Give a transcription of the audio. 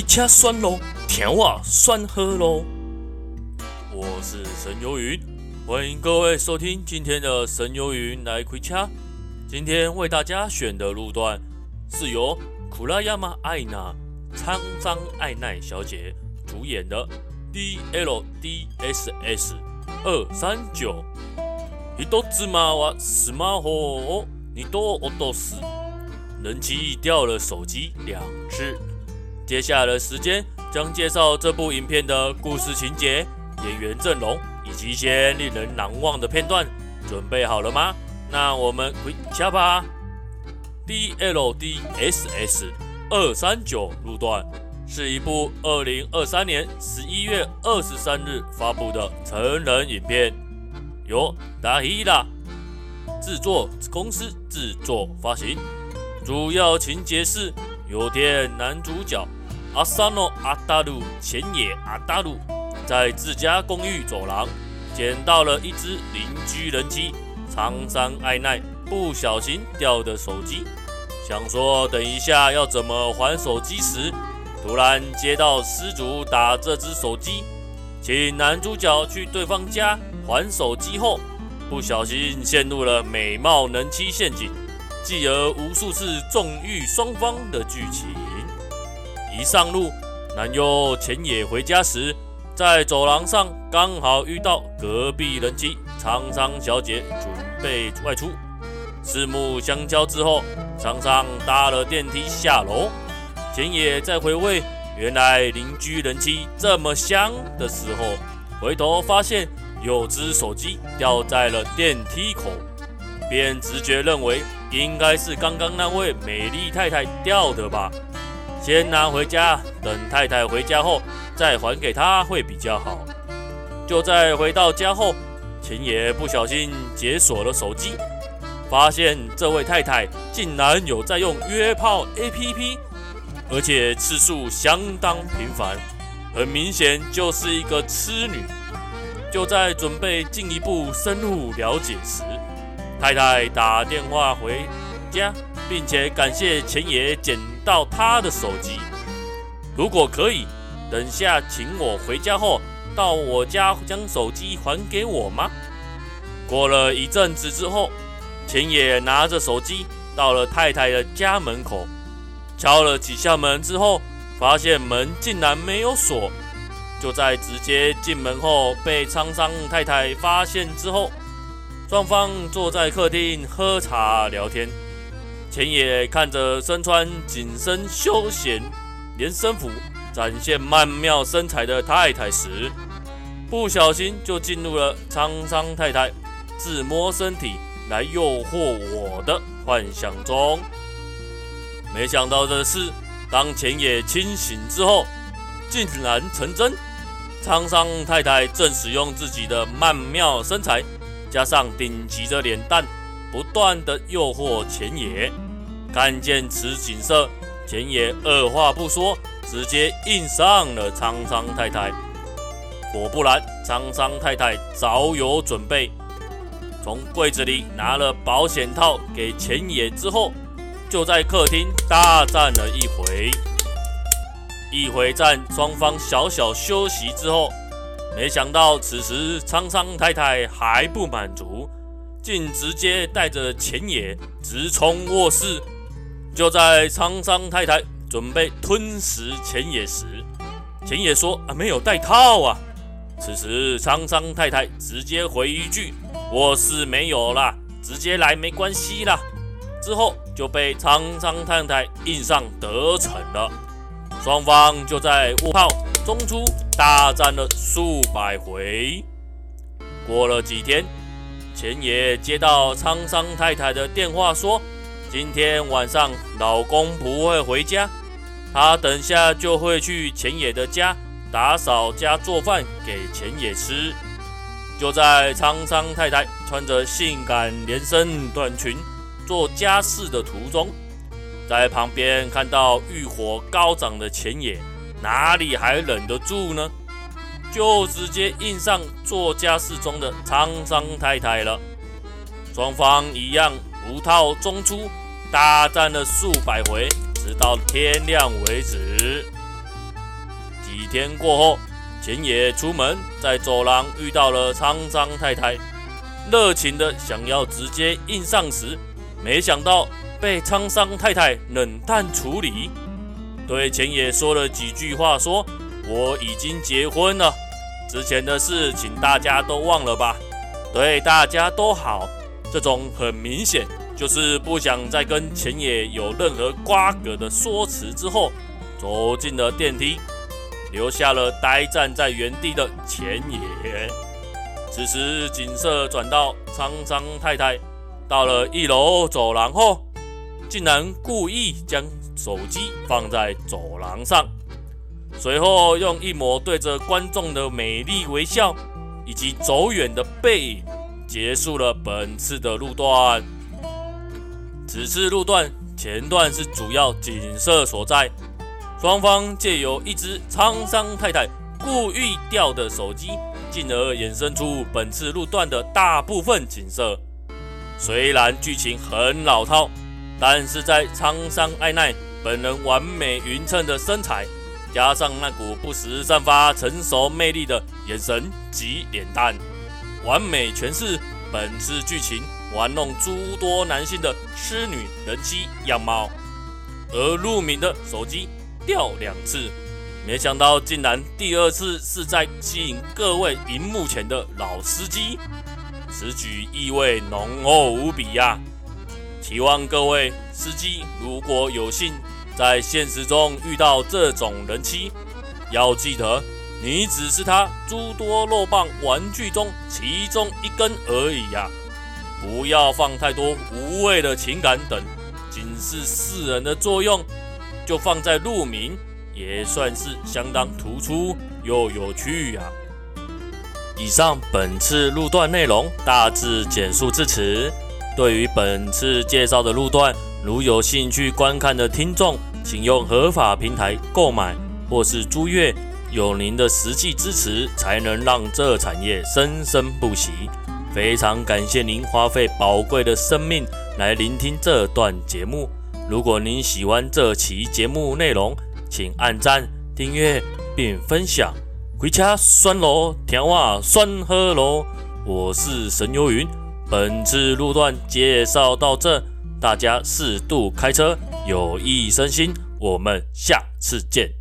開車算了，聽我算喝嘍。我是神游雲，歡迎各位收聽今天的神游雲來開車。今天為大家選的路段是由苦拉亞馬愛娜、蒼山愛奈小姐主演的 D L D S S 二三九。一多芝麻哇，死馬活，你多我多死。人妻掉了手機兩只。接下來的時間將介紹這部影片的故事情節、演員陣容以及一些令人難忘的片段。準備好了嗎？那我們回家吧。D L D S S 二三九路段是一部二零二三年十一月二十三日發布的成人影片，由達希拉制作公司制作發行。主要情節是有天男主角。阿薩諾阿大魯，淺野阿大魯，在自家公寓走廊撿到了一只鄰居人妻，蒼山愛奈不小心掉的手機，想說等一下要怎麼還手機時，突然接到失主打這只手機，請男主角去對方家還手機後，不小心陷入了美貌人妻陷阱，繼而無數次縱慾雙方的劇情。一上路，男友淺野回家時，在走廊上剛好遇到隔壁人妻蒼山小姐準備外出，四目相交之後，蒼山搭了電梯下樓。淺野在回味原來鄰居人妻這麼香的時候，回頭發現有隻手機掉在了電梯口，便直覺認為應該是剛剛那位美麗太太掉的吧。先拿回家，等太太回家後再還給她會比較好。就在回到家後，淺野不小心解鎖了手機，發現這位太太竟然有在用約炮 APP，而且次數相當頻繁，很明顯就是一個痴女。就在準備進一步深入了解時，太太打電話回家，並且感謝淺野撿。到他的手機，如果可以，等下請我回家後到我家將手機還給我嗎？過了一陣子之後，淺野拿着手機到了太太的家門口，敲了幾下門之後，發現門竟然沒有鎖，就在直接進門後被蒼山太太發現之後，雙方坐在客廳喝茶聊天。淺野看着身穿緊身休閒連身服，展現曼妙身材的太太時，不小心就進入了蒼山太太自摸身體來誘惑我的幻想中。沒想到的是，當淺野清醒之後，竟然成真。蒼山太太正使用自己的曼妙身材，加上頂級的臉蛋。不斷的誘惑淺野，看見此景色，淺野二話不說，直接硬上了蒼山太太。果不然，蒼山太太早有準備，從櫃子裡拿了保險套給淺野之後，就在客廳大戰了一回。一回戰雙方小小休息之後，沒想到此時蒼山太太還不滿足。竟直接帶着淺野直衝臥室，就在蒼山太太準備吞食淺野時淺野說：“啊，沒有帶套啊！”此時，蒼山太太直接回一句：“臥室沒有啦，直接來沒關係啦。”之後就被蒼山太太硬上得逞了，雙方就在臥炮中出大戰了數百回。過了幾天。淺野接到蒼山太太的電話說，說今天晚上老公不會回家，他等下就會去淺野的家打掃家、做飯給淺野吃。就在蒼山太太穿着性感連身短裙做家事的途中，在旁邊看到欲火高漲的淺野，哪裡還忍得住呢？就直接印上做家事中的蒼山太太了。雙方一樣無套中出，大戰了數百回，直到天亮為止。幾天過後，淺野出門，在走廊遇到了蒼山太太，熱情的想要直接印上時，沒想到被蒼山太太冷淡處理，對淺野說了幾句話說。我已經結婚了，之前的事情大家都忘了吧，對大家都好。這種很明顯就是不想再跟淺野有任何瓜葛的說辭之後，走進了電梯，留下了呆站在原地的淺野。此時景色轉到蒼山太太，到了一樓走廊後，竟然故意將手機放在走廊上。隨後用一抹對着觀眾的美麗微笑，以及走遠的背影，結束了本次的路段。此次路段前段是主要景色所在，雙方借由一隻蒼山太太故意掉的手機，進而衍生出本次路段的大部分景色。雖然劇情很老套，但是在蒼山愛奈本人完美勻稱的身材。加上那股不時散發成熟魅力的眼神及臉蛋，完美詮釋本次劇情玩弄諸多男性的痴女人妻樣貌。而陸敏的手機掉兩次，沒想到竟然第二次是在吸引各位熒幕前的老司機，此舉意味濃厚無比呀、啊！期望各位司機如果有幸，在現實中遇到這種人妻，要記得你只是他諸多肉棒玩具中其中一根而已呀、啊！不要放太多無謂的情感等，僅是示人的作用，就放在路名也算是相當突出又有趣呀、啊。以上本次路段內容大致簡述至此，對於本次介紹的路段，如有興趣觀看的聽眾。請用合法平台購買或是租閱，有您的實際支持，才能讓這產業生生不息。非常感謝您花費寶貴的生命來聆聽這段節目。如果您喜歡這期節目內容，請按讚、訂閱並分享。回家酸路，甜話酸喝路。我是神游雲，本次路段介紹到這。大家適度開車，有益身心。我們下次見。